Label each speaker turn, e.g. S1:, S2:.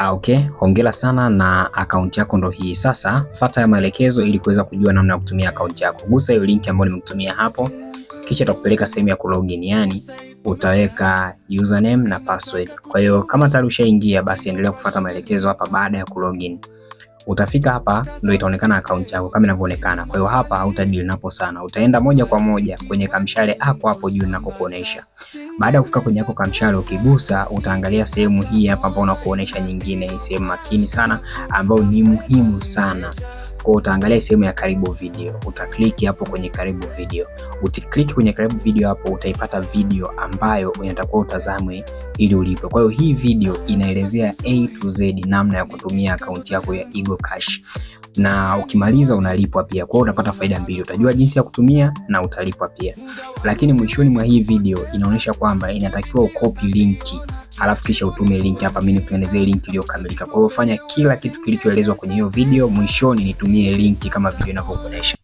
S1: Ah, okay, hongera sana na akaunti yako ndo hii sasa. fata ya maelekezo ili kuweza kujua namna ya kutumia akaunti yako. Gusa hiyo linki ambayo nimekutumia hapo, kisha itakupeleka sehemu ya kulogin, yani utaweka username na password. Kwa hiyo kama tayari ushaingia, basi endelea kufata maelekezo hapa baada ya kulogin utafika hapa ndio itaonekana akaunti yako kama inavyoonekana. Kwa hiyo hapa hautadili napo sana, utaenda moja kwa moja kwenye kamshale hapo hapo juu ninakokuonesha. Baada ya kufika kwenye yako kamshale, ukigusa utaangalia sehemu hii hapa ambayo unakuonesha nyingine. Ni sehemu makini sana ambayo ni muhimu sana. Kwa utaangalia sehemu ya karibu video, utakliki hapo kwenye karibu video. Ukikliki kwenye karibu video hapo utaipata video ambayo unatakiwa utazame ili ulipe. Kwa hiyo hii video inaelezea A to Z namna ya kutumia akaunti yako ya Eagle Cash na ukimaliza unalipwa pia. Kwa hiyo utapata faida mbili, utajua jinsi ya kutumia na utalipwa pia. Lakini mwishoni mwa hii video inaonyesha kwamba inatakiwa ukopi linki alafu kisha utume link hapa, mimi nikutengenezee link iliyokamilika. Kwa hiyo fanya kila kitu kilichoelezwa kwenye hiyo video, mwishoni nitumie linki kama video inavyokuonyesha.